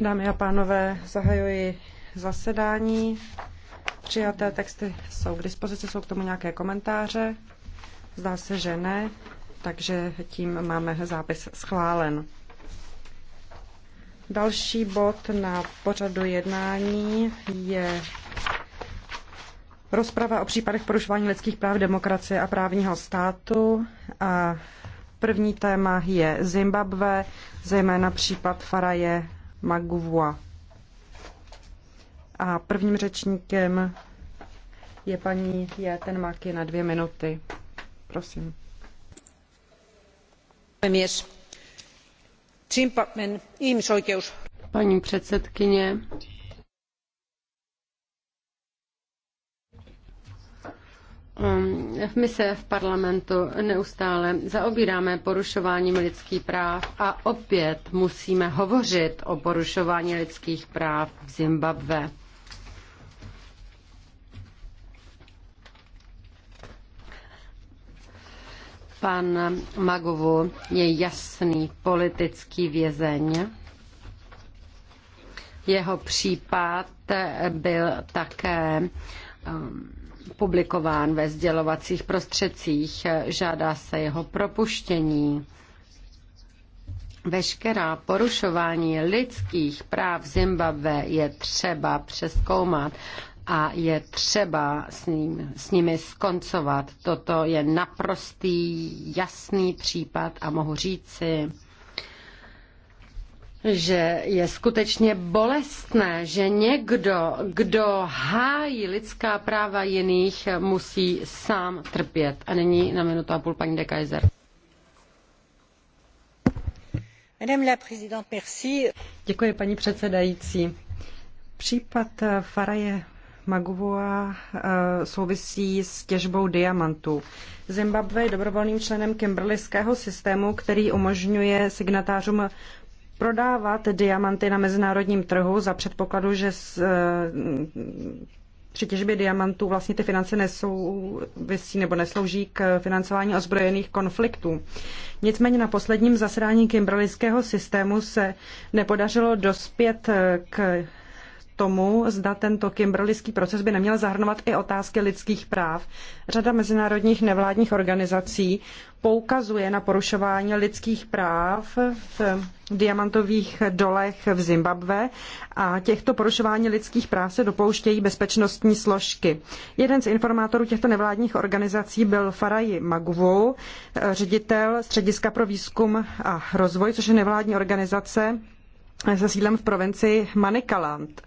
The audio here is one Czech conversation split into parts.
dámy a pánové zahajuji zasedání. přijaté texty jsou k dispozici jsou k tomu nějaké komentáře? zdá se že ne takže tím máme zápis schválen. Další bod na pořadu jednání je Rozprava o případech porušování lidských práv, demokracie a právního státu. A první téma je Zimbabwe, zejména případ Faraje Maguvua. A prvním řečníkem je paní Jeten Maki na dvě minuty. Prosím. Paní předsedkyně, Um, my se v parlamentu neustále zaobíráme porušováním lidských práv a opět musíme hovořit o porušování lidských práv v Zimbabve. Pan Magovu je jasný politický vězeň. Jeho případ byl také um, publikován ve sdělovacích prostředcích, žádá se jeho propuštění. Veškerá porušování lidských práv Zimbabwe je třeba přeskoumat a je třeba s, ním, s nimi skoncovat. Toto je naprostý jasný případ a mohu říci, že je skutečně bolestné, že někdo, kdo hájí lidská práva jiných, musí sám trpět. A nyní na minutu a půl paní de Kaiser. Děkuji, paní předsedající. Případ Faraje Magovoa, eh, souvisí s těžbou diamantů. Zimbabwe je dobrovolným členem Kimberlyského systému, který umožňuje signatářům prodávat diamanty na mezinárodním trhu za předpokladu, že s, eh, při těžbě diamantů vlastně ty finance vysí, nebo neslouží k financování ozbrojených konfliktů. Nicméně na posledním zasedání kimberlického systému se nepodařilo dospět eh, k tomu, zda tento kimberlický proces by neměl zahrnovat i otázky lidských práv. Řada mezinárodních nevládních organizací poukazuje na porušování lidských práv v diamantových dolech v Zimbabve a těchto porušování lidských práv se dopouštějí bezpečnostní složky. Jeden z informátorů těchto nevládních organizací byl Faraji Maguvu, eh, ředitel Střediska pro výzkum a rozvoj, což je nevládní organizace, se sídlem v provincii Manikaland.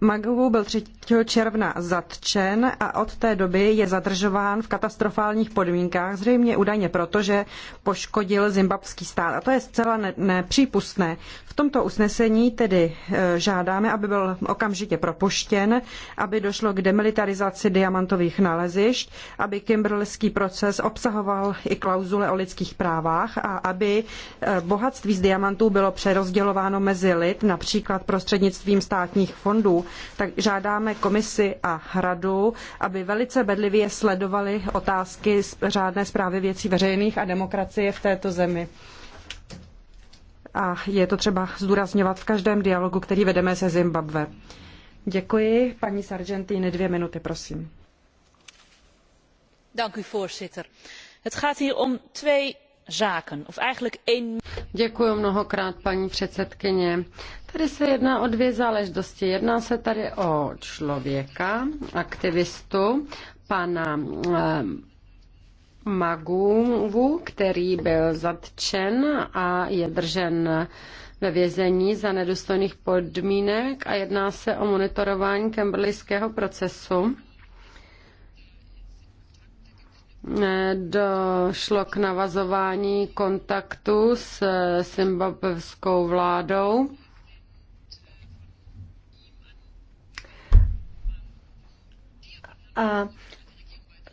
Magovu byl 3. června zatčen a od té doby je zadržován v katastrofálních podmínkách, zřejmě údajně proto, že poškodil zimbabský stát. A to je zcela nepřípustné. V tomto usnesení tedy e, žádáme, aby byl okamžitě propuštěn, aby došlo k demilitarizaci diamantových nalezišť, aby kimberlský proces obsahoval i klauzule o lidských právách a aby e, bohatství z diamantů bylo přerozdělováno mezi čelit, například prostřednictvím státních fondů, tak žádáme komisi a radu, aby velice bedlivě sledovali otázky řádné zprávy věcí veřejných a demokracie v této zemi. A je to třeba zdůrazňovat v každém dialogu, který vedeme se Zimbabwe. Děkuji. Paní Sargentini, dvě minuty, prosím. Dank u, voorzitter. Het gaat hier om twee zaken, of eigenlijk één. Děkuji mnohokrát, paní předsedkyně. Tady se jedná o dvě záležitosti. Jedná se tady o člověka, aktivistu, pana eh, Magungu, který byl zatčen a je držen ve vězení za nedůstojných podmínek a jedná se o monitorování kemberlejského procesu došlo k navazování kontaktu s zimbabwskou vládou. A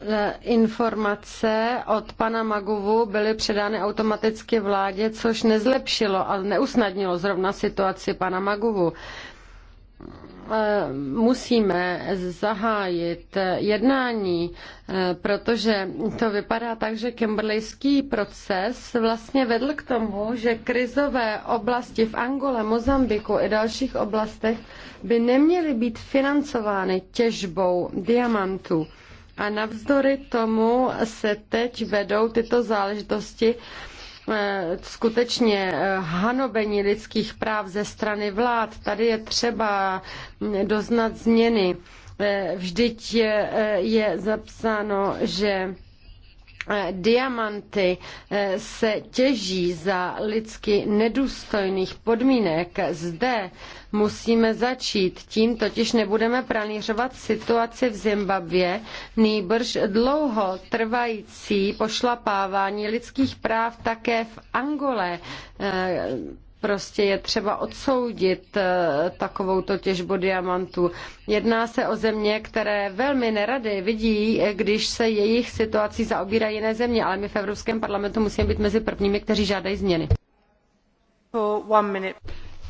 e, informace od pana Maguvu byly předány automaticky vládě, což nezlepšilo a neusnadnilo zrovna situaci pana Maguvu. Eh, musíme zahájit jednání, eh, protože to vypadá tak, že Kimberleyský proces vlastně vedl k tomu, že krizové oblasti v Angole, Mozambiku i dalších oblastech by neměly být financovány těžbou diamantů. A navzdory tomu se teď vedou tyto záležitosti skutečně eh, hanobení lidských práv ze strany vlád. Tady je třeba doznat změny. Eh, vždyť je, eh, je zapsáno, že diamanty se těží za lidsky nedůstojných podmínek. Zde Musíme začít. Tím totiž nebudeme pranířovat situaci v Zimbabwe, nýbrž dlouho trvající pošlapávání lidských práv také v Angole. Eh, prostě je třeba odsoudit eh, takovouto těžbu diamantů. Jedná se o země, které velmi nerady vidí, když se jejich situací zaobírají jiné země, ale my v Evropském parlamentu musíme být mezi prvními, kteří žádají změny. Oh,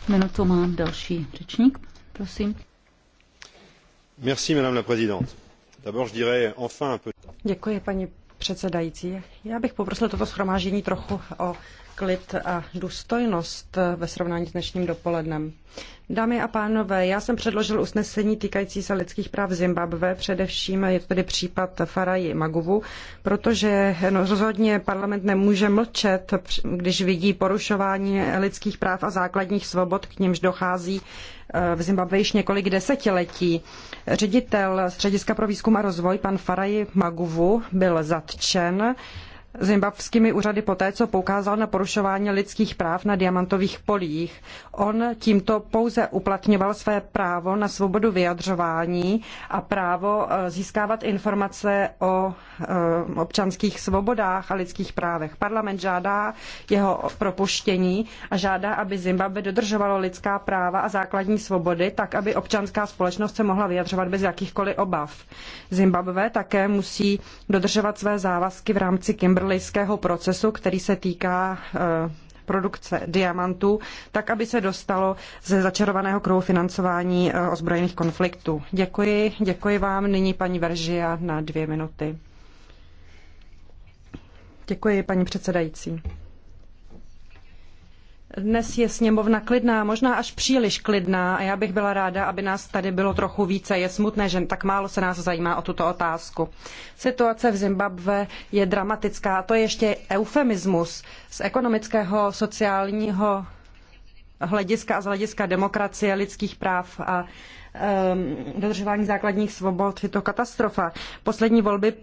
Minutu má další řečník, prosím. Merci, madame la présidente. D'abord, je dirais enfin un peu... Děkuji, paní předsedající. Já bych poprosil toto schromáždění trochu o klid a důstojnost ve srovnání s dnešním dopolednem. Dámy a pánové, já jsem předložil usnesení týkající se lidských práv v Zimbabve, především je to tedy případ Faraji Maguvu, protože no, rozhodně parlament nemůže mlčet, když vidí porušování lidských práv a základních svobod, k němž dochází eh, v Zimbabve již několik desetiletí. Ředitel Střediska pro výzkum a rozvoj, pan Faraji Maguvu, byl zatčen zimbabskými úřady poté, co poukázal na porušování lidských práv na diamantových polích. On tímto pouze uplatňoval své právo na svobodu vyjadřování a právo eh, získávat informace o eh, občanských svobodách a lidských právech. Parlament žádá jeho propuštění a žádá, aby Zimbabwe dodržovalo lidská práva a základní svobody, tak aby občanská společnost se mohla vyjadřovat bez jakýchkoliv obav. Zimbabwe také musí dodržovat své závazky v rámci Kimberley kimberleyského procesu, který se týká eh, produkce diamantů, tak aby se dostalo ze začarovaného kruhu financování eh, ozbrojených konfliktů. Děkuji, děkuji vám. Nyní paní Veržia na dvě minuty. Děkuji, paní předsedající. Dnes je sněmovna klidná, možná až příliš klidná a já bych byla ráda, aby nás tady bylo trochu více. Je smutné, že tak málo se nás zajímá o tuto otázku. Situace v Zimbabwe je dramatická a to je ještě eufemismus z ekonomického, sociálního hlediska a z hlediska demokracie, lidských práv a um, dodržování základních svobod. Je to katastrofa. Poslední volby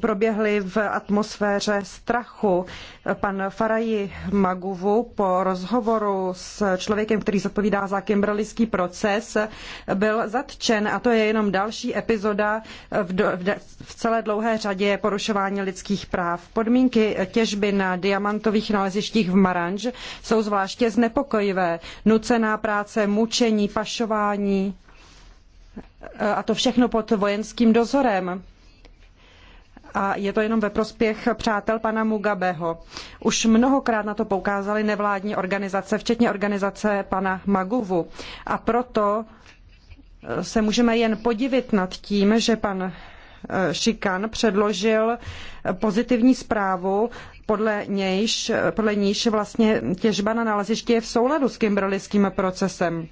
proběhly v atmosféře strachu. Pan Faraji Maguvu po rozhovoru s člověkem, který zodpovídá za kimberlický proces, byl zatčen a to je jenom další epizoda v, do, v celé dlouhé řadě porušování lidských práv. Podmínky těžby na diamantových nalezištích v Maranž jsou zvláště znepokojivé. Nucená práce, mučení, pašování a to všechno pod vojenským dozorem a je to jenom ve prospěch přátel pana Mugabeho. Už mnohokrát na to poukázaly nevládní organizace, včetně organizace pana Maguvu. A proto eh, se můžeme jen podivit nad tím, že pan eh, Šikan předložil eh, pozitivní zprávu, podle, nějž, podle níž vlastně těžba na nalezišti je v souladu s kimberlickým procesem.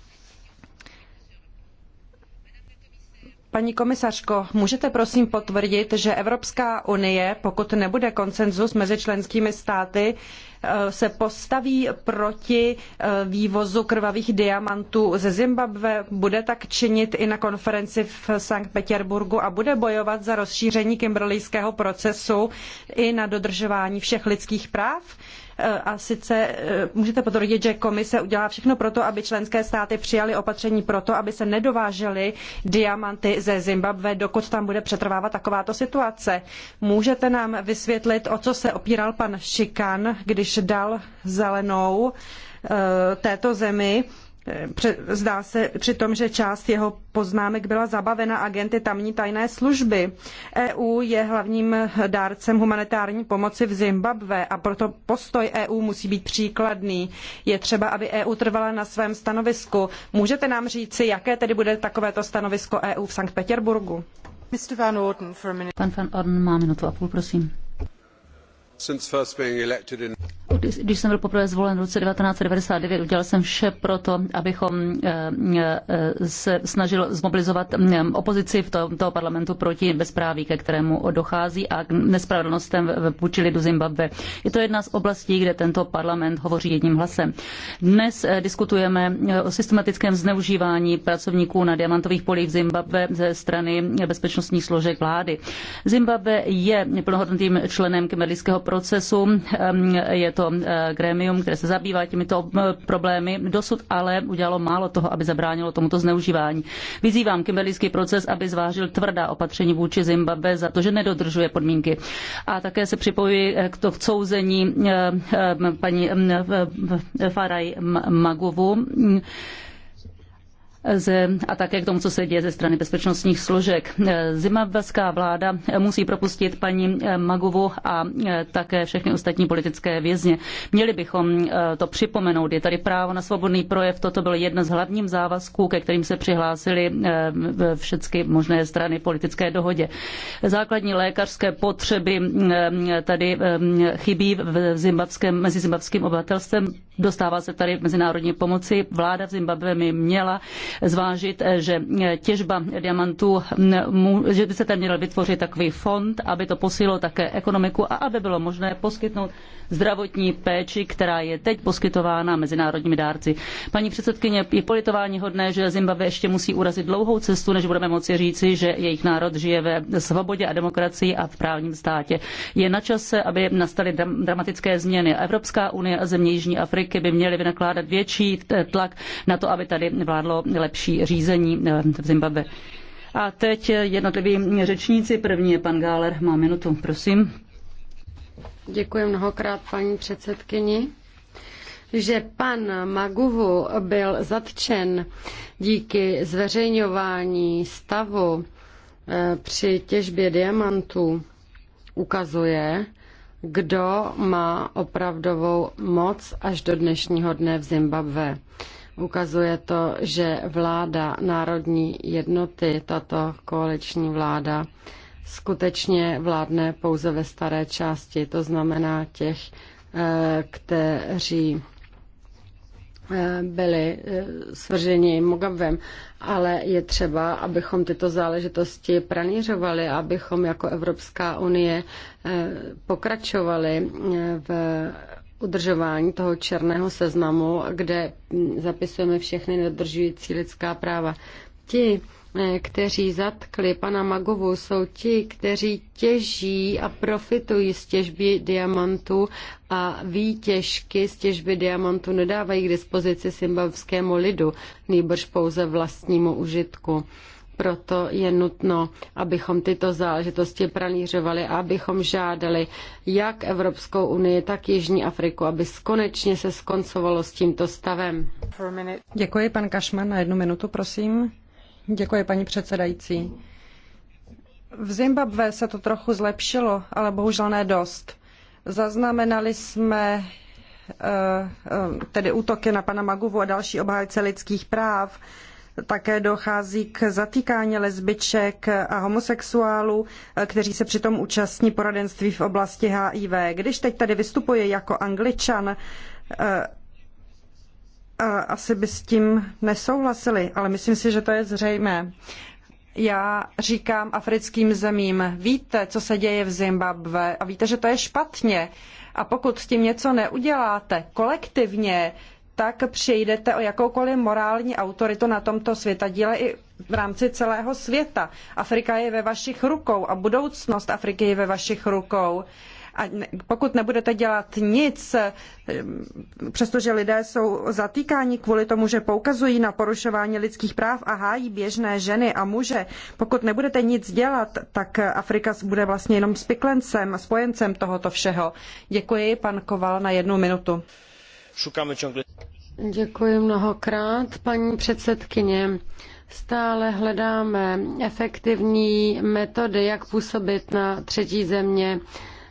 Paní komisařko, můžete prosím potvrdit, že Evropská unie, pokud nebude konsenzus mezi členskými státy, eh, se postaví proti eh, vývozu krvavých diamantů ze Zimbabwe, bude tak činit i na konferenci v Sankt Petersburgu a bude bojovat za rozšíření kimberleyského procesu i na dodržování všech lidských práv? A sice eh, můžete potvrdit, že komise udělá všechno pro to, aby členské státy přijaly opatření pro to, aby se nedovážely diamanty ze Zimbabwe, dokud tam bude přetrvávat takováto situace. Můžete nám vysvětlit, o co se opíral pan Šikan, když dal zelenou eh, této zemi Zdá se přitom, že část jeho poznámek byla zabavena agenty tamní tajné služby. EU je hlavním dárcem humanitární pomoci v Zimbabwe a proto postoj EU musí být příkladný. Je třeba, aby EU trvala na svém stanovisku. Můžete nám říci, jaké tedy bude takovéto stanovisko EU v Sankt Petersburgu? Van Orden, Pan Van Orden má minutu a půl, prosím když jsem byl poprvé zvolen v roce 1999, udělal jsem vše pro to, abychom eh, eh, se snažil zmobilizovat mm, opozici v tomto parlamentu proti bezpráví, ke kterému dochází a k nespravedlnostem půjčili do Zimbabwe. Je to jedna z oblastí, kde tento parlament hovoří jedním hlasem. Dnes eh, diskutujeme o systematickém zneužívání pracovníků na diamantových polích v Zimbabwe ze strany bezpečnostních složek vlády. Zimbabwe je plnohodnotným členem kemerlického procesu, je to Eh, grémium, gremium, které se zabývá těmito eh, problémy, dosud ale udělalo málo toho, aby zabránilo tomuto zneužívání. Vyzývám kimberlíský proces, aby zvážil tvrdá opatření vůči Zimbabwe za to, že nedodržuje podmínky. A také se připojuji eh, k to v souzení paní Faraj Magovu a také k tomu, co se děje ze strany bezpečnostních složek. Zimbabweská vláda musí propustit paní eh, Magovu a eh, také všechny ostatní politické vězně. Měli bychom eh, to připomenout. Je tady právo na svobodný projev. Toto byl jeden z hlavních závazků, ke kterým se přihlásili všechny možné strany politické dohodě. Základní lékařské potřeby tady chybí v zimbabském, mezi zimbabským obyvatelstvem. Dostává se tady mezinárodní pomoci. Vláda v Zimbabwe mi měla zvážit, eh, že eh, těžba diamantů, že by se tam měl vytvořit takový fond, aby to posílilo také ekonomiku a aby bylo možné poskytnout zdravotní péči, která je teď poskytována mezinárodními dárci. Paní předsedkyně, je politování hodné, že Zimbabwe ještě musí urazit dlouhou cestu, než budeme moci říci, že jejich národ žije ve svobodě a demokracii a v právním státě. Je na čase, aby nastaly dramatické změny. Evropská unie a země Jižní Afriky by měly vynakládat větší eh, tlak na to, aby tady vládlo lepší řízení eh, v Zimbabwe. A teď jednotliví řečníci. První je pan Gáler. Má minutu, prosím. Děkuji mnohokrát, paní předsedkyni že pan Maguvu byl zatčen díky zveřejňování stavu eh, při těžbě diamantů, ukazuje, kdo má opravdovou moc až do dnešního dne v Zimbabwe. Ukazuje to, že vláda národní jednoty, tato koaliční vláda, skutečně vládne pouze ve staré části, to znamená těch, eh, kteří eh, byli eh, svrženi Mugabem, ale je třeba, abychom tyto záležitosti pranířovali, abychom jako Evropská unie pokračovali v udržování toho černého seznamu, kde zapisujeme všechny nedržující lidská práva. Ti, eh, kteří zatkli pana Magovu, jsou ti, kteří těží a profitují z těžby diamantů a výtěžky z těžby diamantů nedávají k dispozici simbavskému lidu, nýbrž pouze vlastnímu užitku. Proto je nutno, abychom tyto záležitosti pranířovali a abychom žádali jak Evropskou unii, tak Jižní Afriku, aby konečně se skoncovalo s tímto stavem. Děkuji, pan Kašman, na jednu minutu, prosím. Děkuji, paní předsedající. V Zimbabve se to trochu zlepšilo, ale bohužel ne dost. Zaznamenali jsme eh, eh, tedy útoky na pana Maguvu a další obhájce lidských práv. Také dochází k zatýkání lesbiček a homosexuálů, kteří se přitom účastní poradenství v oblasti HIV. Když teď tady vystupuji jako angličan, eh, eh, asi by s tím nesouhlasili, ale myslím si, že to je zřejmé. Já říkám africkým zemím, víte, co se děje v Zimbabwe a víte, že to je špatně. A pokud s tím něco neuděláte kolektivně, tak přejdete o jakoukoliv morální autoritu na tomto světadíle i v rámci celého světa. Afrika je ve vašich rukou a budoucnost Afriky je ve vašich rukou. A pokud nebudete dělat nic, ehm, přestože lidé jsou zatýkáni kvůli tomu, že poukazují na porušování lidských práv a hájí běžné ženy a muže, pokud nebudete nic dělat, tak Afrika bude vlastně jenom spiklencem, spojencem tohoto všeho. Děkuji, pan Koval, na jednu minutu. Szukamy ciągle. Děkuji mnohokrát, paní předsedkyně. Stále hledáme efektivní metody, jak působit na třetí země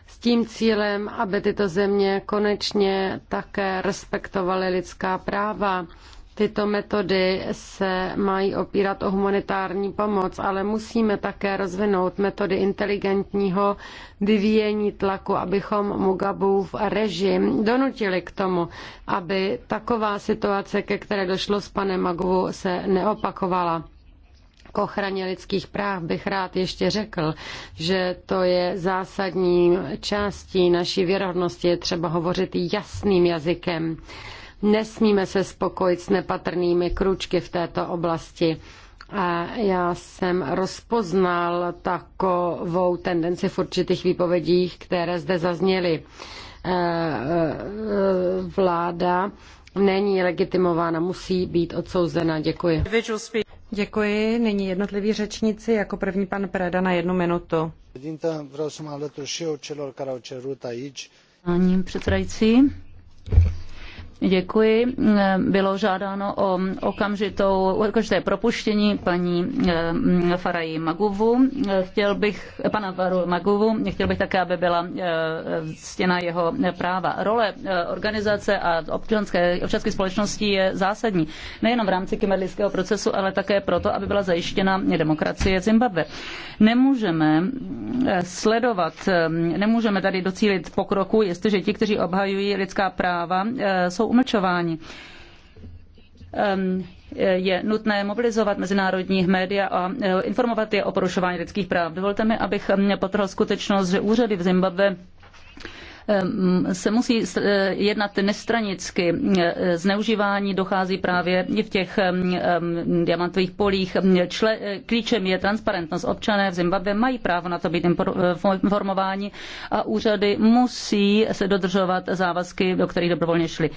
s tím cílem, aby tyto země konečně také respektovaly lidská práva Tyto metody se mají opírat o humanitární pomoc, ale musíme také rozvinout metody inteligentního vyvíjení tlaku, abychom Mugabův režim donutili k tomu, aby taková situace, ke které došlo s panem Magovou, se neopakovala k ochraně lidských práv bych rád ještě řekl, že to je zásadní částí naší věrohodnosti, je třeba hovořit jasným jazykem. Nesmíme se spokojit s nepatrnými kručky v této oblasti. A já jsem rozpoznal takovou tendenci v určitých výpovědích, které zde zazněly. E, e, vláda není legitimována, musí být odsouzena. Děkuji. Děkuji. Nyní jednotliví řečníci. Jako první pan Preda na jednu minutu. Paní předsedající, Děkuji. Bylo žádáno o okamžitou, okamžité propuštění paní eh, Faraji Maguvu. Chtěl bych, pana Varu Maguvu, chtěl bych také, aby byla eh, stěna jeho práva. Role eh, organizace a občanské, občanské společnosti je zásadní. Nejenom v rámci kimerlického procesu, ale také proto, aby byla zajištěna demokracie Zimbabwe. Nemůžeme sledovat, nemůžeme tady docílit pokroku, jestliže ti, kteří obhajují lidská práva, jsou umlčování je nutné mobilizovat mezinárodní média a eh, informovat je o porušování lidských práv. Dovolte mi, abych potrhl skutečnost, že úřady v Zimbabwe Ehm, se musí eh, jednat nestranicky. Eh, zneužívání dochází právě i v těch ehm, ehm, diamantových polích. Čle, eh, klíčem je transparentnost. Občané v Zimbabwe mají právo na to být informováni a úřady musí se dodržovat závazky, do kterých dobrovolně šli.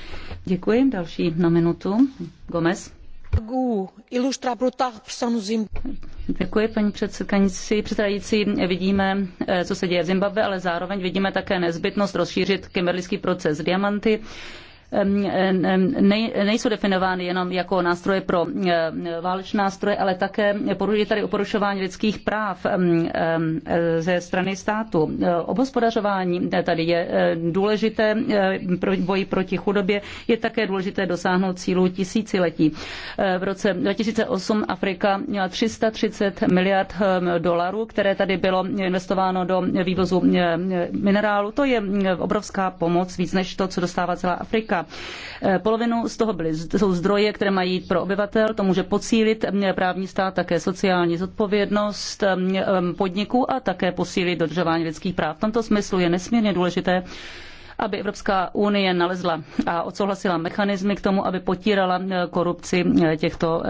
Děkuji. Další na minutu. Gomez. Děkuji, paní předsedající. Vidíme, eh, co se děje v Zimbabwe, ale zároveň vidíme také nezbytnost rozšířit kimberleyský proces diamanty nejsou definovány jenom jako nástroje pro válečné nástroje, ale také je tady o porušování lidských práv ze strany státu. Obhospodařování tady je eh, důležité eh, pro boji proti chudobě, je také důležité dosáhnout cílu tisíciletí. Eh, v roce 2008 Afrika měla 330 miliard dolarů, které tady bylo investováno do vývozu minerálu. To je obrovská pomoc, víc než to, co dostává celá Afrika. Ruska. Eh, polovinu z toho byly, jsou zdroje, které mají jít pro obyvatel, to může posílit eh, právní stát, také sociální zodpovědnost eh, podniků a také posílit dodržování lidských práv. V tomto smyslu je nesmírně důležité, aby Evropská unie nalezla a odsouhlasila mechanismy k tomu, aby potírala korupci těchto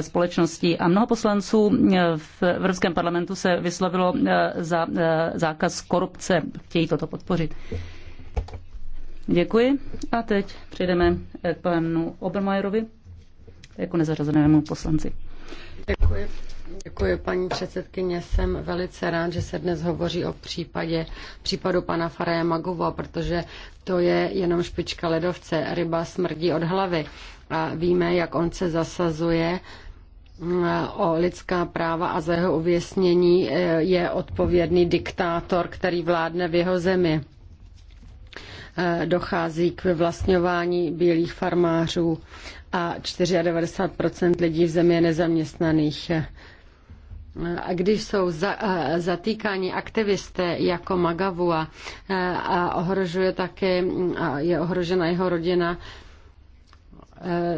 společností. A mnoho poslanců v Evropském parlamentu se vyslovilo za zákaz korupce. Chtějí toto podpořit. Děkuji. A teď přejdeme k panu Obermajerovi jako nezařazenému poslanci. Děkuji. Děkuji, paní předsedkyně. Jsem velice rád, že se dnes hovoří o případě, případu pana Faraje Magova, protože to je jenom špička ledovce. Ryba smrdí od hlavy. A víme, jak on se zasazuje eh, o lidská práva a za jeho uvěsnění eh, je odpovědný diktátor, který vládne v jeho zemi. Eh, dochází k vyvlastňování bílých farmářů a 94 lidí v zemi je nezaměstnaných. Eh, a když jsou za, eh, zatýkáni aktivisté jako Magavua a ohrožuje také, mm, a je ohrožena jeho rodina,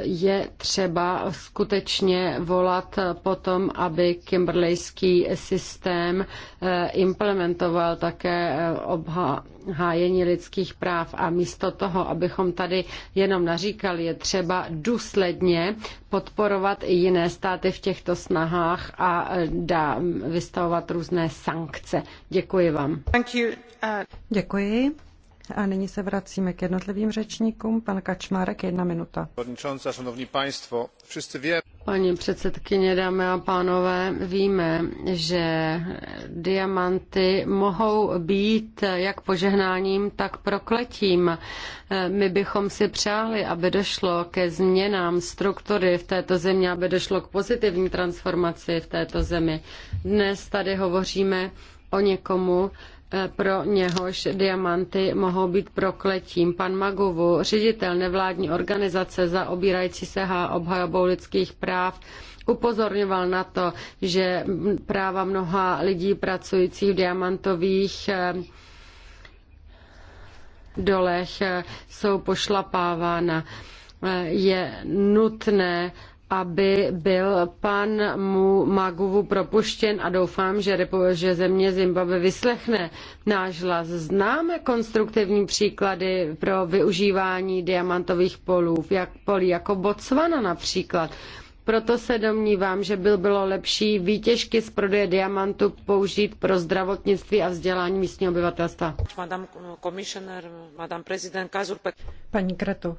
je třeba skutečně volat potom, aby kimberlejský systém eh, implementoval také eh, obhájení lidských práv a místo toho, abychom tady jenom naříkali, je třeba důsledně podporovat i jiné státy v těchto snahách a eh, dá vystavovat různé sankce. Děkuji vám. Uh, Děkuji. A nyní se vracíme k jednotlivým řečníkům. Pan Kačmárek, jedna minuta. Paní předsedkyně, dámy a pánové, víme, že diamanty mohou být jak požehnáním, tak prokletím. My bychom si přáli, aby došlo ke změnám struktury v této zemi, aby došlo k pozitivní transformaci v této zemi. Dnes tady hovoříme o někomu, pro něhož diamanty mohou být prokletím. Pan Magovu, ředitel nevládní organizace zaobírající se obhajobou lidských práv, upozorňoval na to, že práva mnoha lidí pracujících v diamantových eh, dolech eh, jsou pošlapávána. Eh, je nutné aby byl pan Mu Maguvu propuštěn a doufám, že, repo, že země Zimbabwe vyslechne náš hlas. Známe konstruktivní příklady pro využívání diamantových polů, jak polí, jako Botswana například. Proto se domnívám, že by bylo lepší výtěžky z prodeje diamantu použít pro zdravotnictví a vzdělání místního obyvatelstva. Paní Kretu,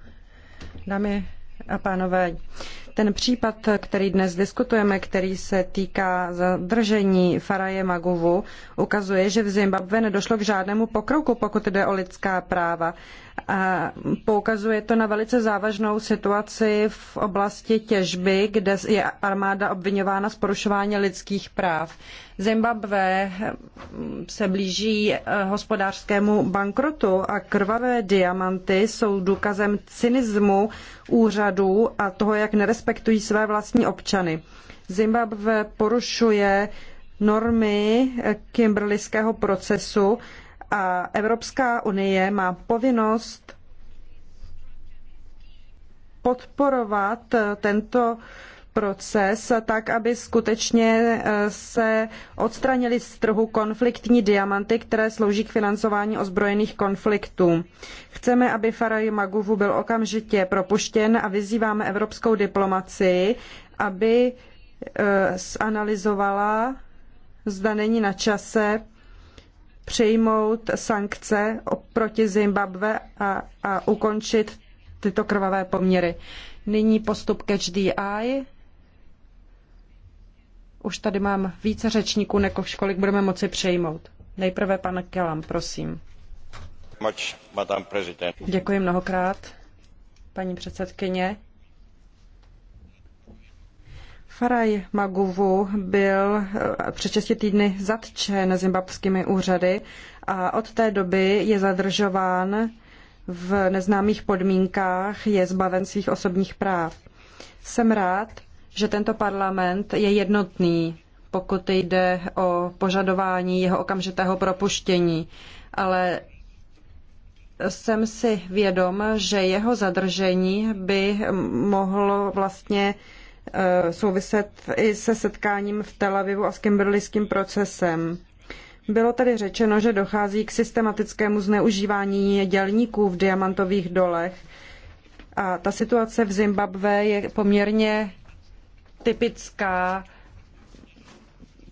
dáme a pánové, ten případ, který dnes diskutujeme, který se týká zadržení Faraje Maguvu, ukazuje, že v Zimbabwe nedošlo k žádnému pokroku, pokud jde o lidská práva. A poukazuje to na velice závažnou situaci v oblasti těžby, kde je armáda obvinována z porušování lidských práv. Zimbabwe hm, se blíží eh, hospodářskému bankrotu a krvavé diamanty jsou důkazem cynismu úřadů a toho, jak nerespektují své vlastní občany. Zimbabwe porušuje normy eh, kimberlického procesu a Evropská unie má povinnost podporovat tento proces tak, aby skutečně eh, se odstranily z trhu konfliktní diamanty, které slouží k financování ozbrojených konfliktů. Chceme, aby Faraj Maguvu byl okamžitě propuštěn a vyzýváme evropskou diplomacii, aby eh, zanalizovala, zda není na čase přijmout sankce proti Zimbabwe a, a ukončit tyto krvavé poměry. Nyní postup ke HDI. Už tady mám více řečníků, než kolik budeme moci přejmout. Nejprve pan Kelam, prosím. Děkuji mnohokrát, paní předsedkyně. Faraj Maguvu byl eh, před šesti týdny zatčen zimbabskými úřady a od té doby je zadržován v neznámých podmínkách, je zbaven svých osobních práv. Jsem rád, že tento parlament je jednotný, pokud jde o požadování jeho okamžitého propuštění, ale jsem si vědom, že jeho zadržení by mohlo vlastně Eh, souviset i se setkáním v Tel Avivu a s kimberlickým procesem. Bylo tady řečeno, že dochází k systematickému zneužívání dělníků v diamantových dolech a ta situace v Zimbabwe je poměrně typická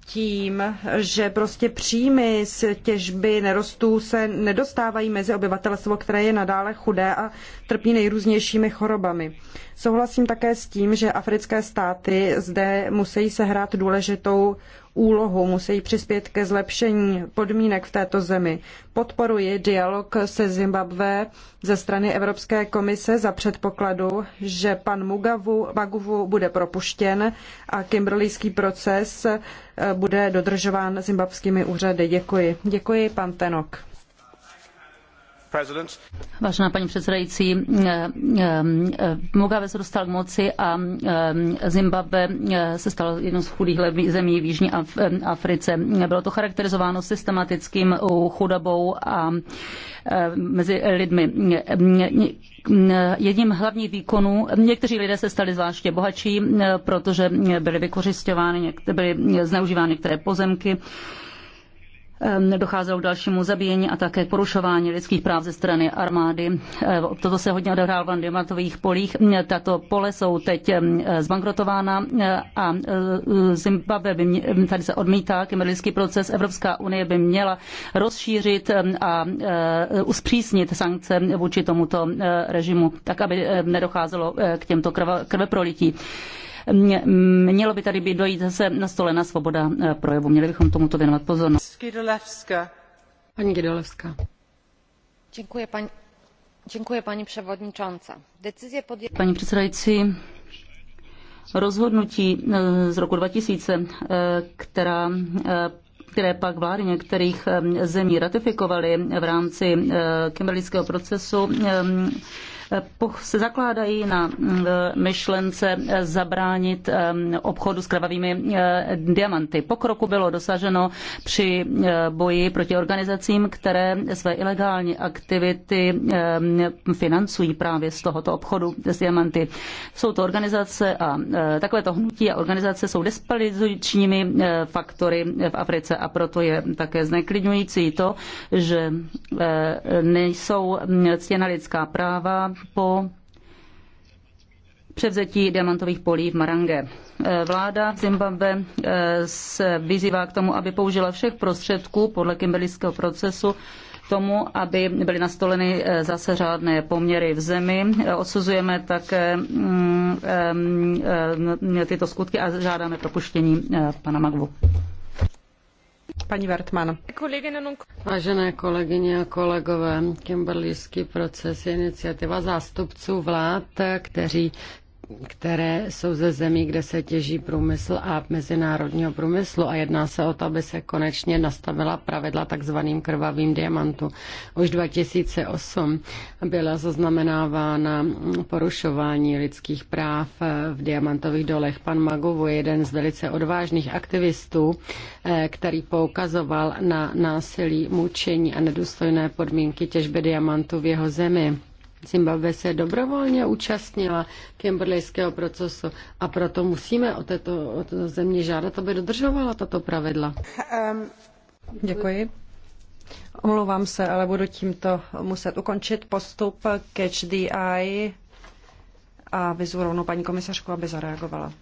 tím, že prostě příjmy z těžby nerostů se nedostávají mezi obyvatelstvo, které je nadále chudé a trpí nejrůznějšími chorobami. Souhlasím také s tím, že africké státy zde musí sehrát důležitou úlohu, musí přispět ke zlepšení podmínek v této zemi. Podporuji dialog se Zimbabwe ze strany Evropské komise za předpokladu, že pan Mugavu, Maguvu bude propuštěn a kimberlíský proces eh, bude dodržován zimbabskými úřady. Děkuji. Děkuji, pan Tenok. Vážená paní předsedající, eh, eh, Mugabe se dostal k moci a eh, Zimbabwe se stalo jednou z chudých zemí v Jižní Africe. Bylo to charakterizováno systematickým chudobou a mezi lidmi. Jedním hlavních výkonů, někteří lidé se stali zvláště bohatší, protože byly vykořišťovány, byly zneužívány některé pozemky Ehm, docházelo k dalšímu zabíjení a také k porušování lidských práv ze strany armády. Ehm, toto se hodně odehrálo v diamantových polích. Ehm, tato pole jsou teď zbankrotována a Zimbabwe by mě, tady se odmítá kimberlický proces. Evropská unie by měla rozšířit a uspřísnit sankce vůči tomuto režimu, tak aby nedocházelo k těmto krveprolití. Mělo by tady být dojít zase na stole na svoboda eh, projevu. Měli bychom tomuto věnovat pozornost. Pani Děkuji, paní, děkuji, paní předsedající. Decyzie Paní předsedající, rozhodnutí eh, z roku 2000, eh, která které pak vlády některých zemí ratifikovaly v rámci kimberlického procesu, se zakládají na myšlence zabránit obchodu s krvavými diamanty. Pokroku bylo dosaženo při boji proti organizacím, které své ilegální aktivity financují právě z tohoto obchodu s diamanty. Jsou to organizace a e, takovéto hnutí a organizace jsou despalizujícími e, faktory v Africe a proto je také zneklidňující to, že e, nejsou ctěna lidská práva, po převzetí diamantových polí v Marange. Eh, vláda v Zimbabwe eh, se vyzývá k tomu, aby použila všech prostředků podle kimberlického procesu k tomu, aby byly nastoleny eh, zase řádné poměry v zemi. Odsuzujeme také mm, mm, tyto skutky a žádáme propuštění pana Magvu. Paní Wertmann. Vážené kolegyně a kolegové, Kimberlíský proces je iniciativa zástupců vlád, kteří které jsou ze zemí, kde se těží průmysl a mezinárodního průmyslu a jedná se o to, aby se konečně nastavila pravidla takzvaným krvavým diamantu. Už 2008 byla zaznamenávána porušování lidských práv v diamantových dolech. Pan Magovo je jeden z velice odvážných aktivistů, eh, který poukazoval na násilí, mučení a nedůstojné podmínky těžby diamantu v jeho zemi Zimbabwe se dobrovolně účastnila kimberlejského procesu a proto musíme o této, o této země žádat, aby dodržovala tato pravidla. Um, Děkuji. Omlouvám se, ale budu tímto muset ukončit postup Catch the Eye a vyzvu rovnou paní komisařku, aby zareagovala.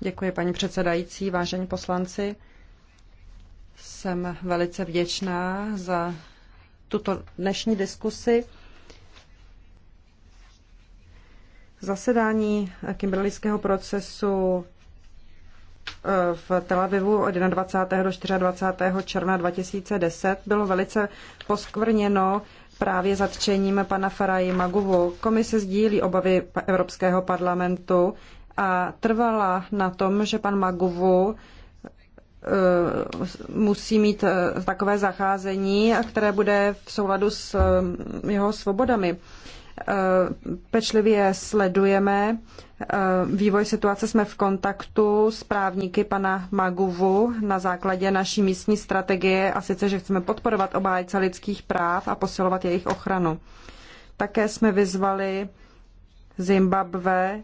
Děkuji, paní předsedající, vážení poslanci. Jsem velice vděčná za tuto dnešní diskusi. Zasedání kimberlického procesu eh, v Tel Avivu od 21. do 24. června 2010 bylo velice poskvrněno právě zatčením pana Faraji Maguvu. Komise sdílí obavy Evropského parlamentu a trvala na tom, že pan Maguvu Eh, musí mít eh, takové zacházení, které bude v souladu s eh, jeho svobodami. Pečlivě sledujeme vývoj situace, jsme v kontaktu s právníky pana Maguvu na základě naší místní strategie a sice, že chceme podporovat obájce lidských práv a posilovat jejich ochranu. Také jsme vyzvali Zimbabwe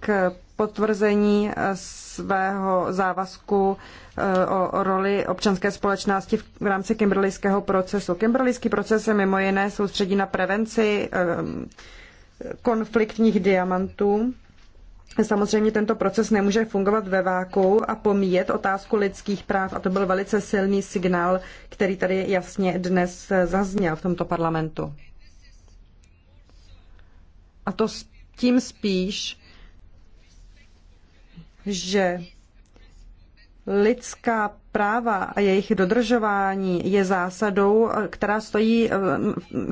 k potvrzení eh, svého závazku eh, o roli občanské společnosti v rámci kimberlijského procesu. Kimberlijský proces se mimo jiné soustředí na prevenci eh, konfliktních diamantů. Samozřejmě tento proces nemůže fungovat ve váku a pomíjet otázku lidských práv a to byl velice silný signál, který tady jasně dnes zazněl v tomto parlamentu. A to tím spíš, že lidská práva a jejich dodržování je zásadou, která, stojí,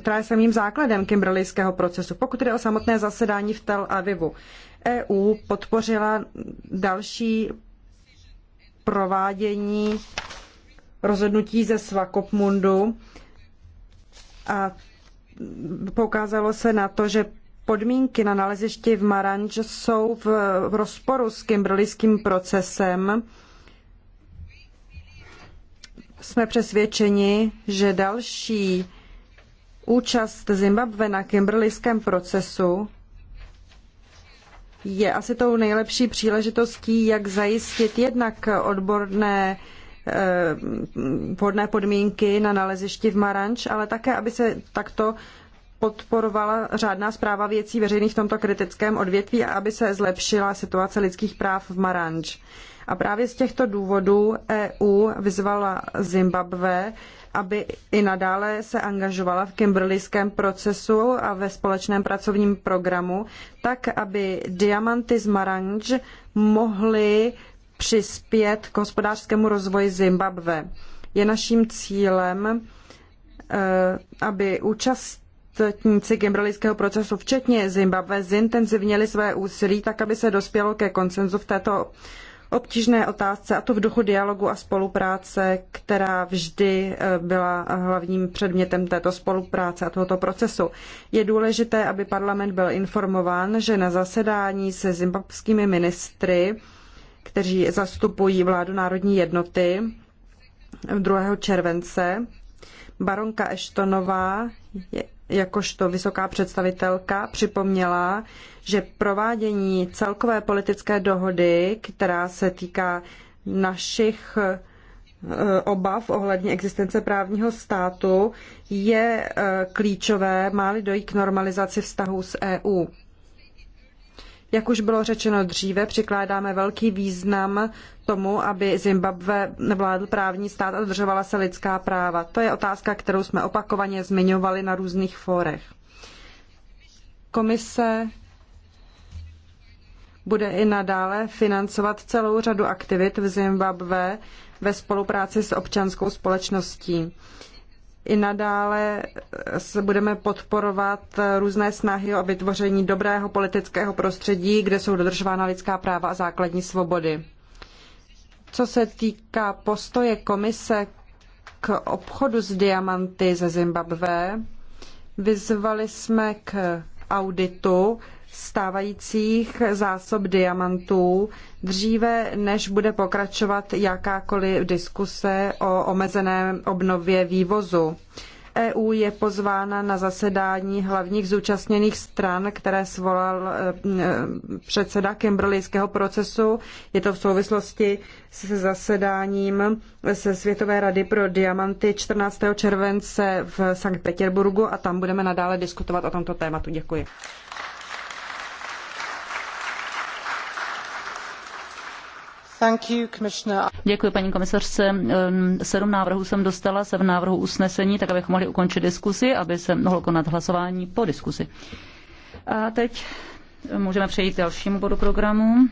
která je samým základem kimberlijského procesu. Pokud jde o samotné zasedání v Tel Avivu, EU podpořila další provádění rozhodnutí ze Svakopmundu a poukázalo se na to, že podmínky na nalezišti v Maranž jsou v, v rozporu s kimberlickým procesem. Jsme přesvědčeni, že další účast Zimbabwe na kimberlickém procesu je asi tou nejlepší příležitostí, jak zajistit jednak odborné eh, vhodné podmínky na nalezišti v Maranč, ale také, aby se takto podporovala řádná zpráva věcí veřejných v tomto kritickém odvětví a aby se zlepšila situace lidských práv v Marange. A právě z těchto důvodů EU vyzvala Zimbabwe, aby i nadále se angažovala v kimberlijském procesu a ve společném pracovním programu, tak aby diamanty z Marange mohly přispět k hospodářskému rozvoji Zimbabwe. Je naším cílem, eh, aby účast účastníci Gimbrelijského procesu, včetně Zimbabwe, zintenzivnili své úsilí tak, aby se dospělo ke konsenzu v této obtížné otázce, a to v duchu dialogu a spolupráce, která vždy eh, byla hlavním předmětem této spolupráce a tohoto procesu. Je důležité, aby parlament byl informován, že na zasedání se zimbabskými ministry, kteří zastupují vládu národní jednoty 2. července, baronka Eštonová jakožto vysoká představitelka připomněla, že provádění celkové politické dohody, která se týká našich eh, obav ohledně existence právního státu, je eh, klíčové, má-li dojít k normalizaci vztahů s EU. Jak už bylo řečeno dříve, přikládáme velký význam tomu, aby Zimbabwe vládl právní stát a dodržovala se lidská práva. To je otázka, kterou jsme opakovaně zmiňovali na různých fórech. Komise bude i nadále financovat celou řadu aktivit v Zimbabwe ve spolupráci s občanskou společností i nadále budeme podporovat různé snahy o vytvoření dobrého politického prostředí, kde jsou dodržována lidská práva a základní svobody. Co se týká postoje komise k obchodu s diamanty ze Zimbabwe, vyzvali jsme k auditu, stávajících zásob diamantů dříve, než bude pokračovat jakákoliv diskuse o omezené obnově vývozu. EU je pozvána na zasedání hlavních zúčastněných stran, které svolal e, e, předseda Kimberleyského procesu. Je to v souvislosti se zasedáním se Světové rady pro diamanty 14. července v Sankt Petersburgu a tam budeme nadále diskutovat o tomto tématu. Děkuji. Děkuji paní komisařce. Ehm, sedm návrhů jsem dostala, sedm návrhů usnesení, tak abychom mohli ukončit diskusi, aby se mohlo konat hlasování po diskusi. A teď můžeme přejít k dalšímu bodu programu.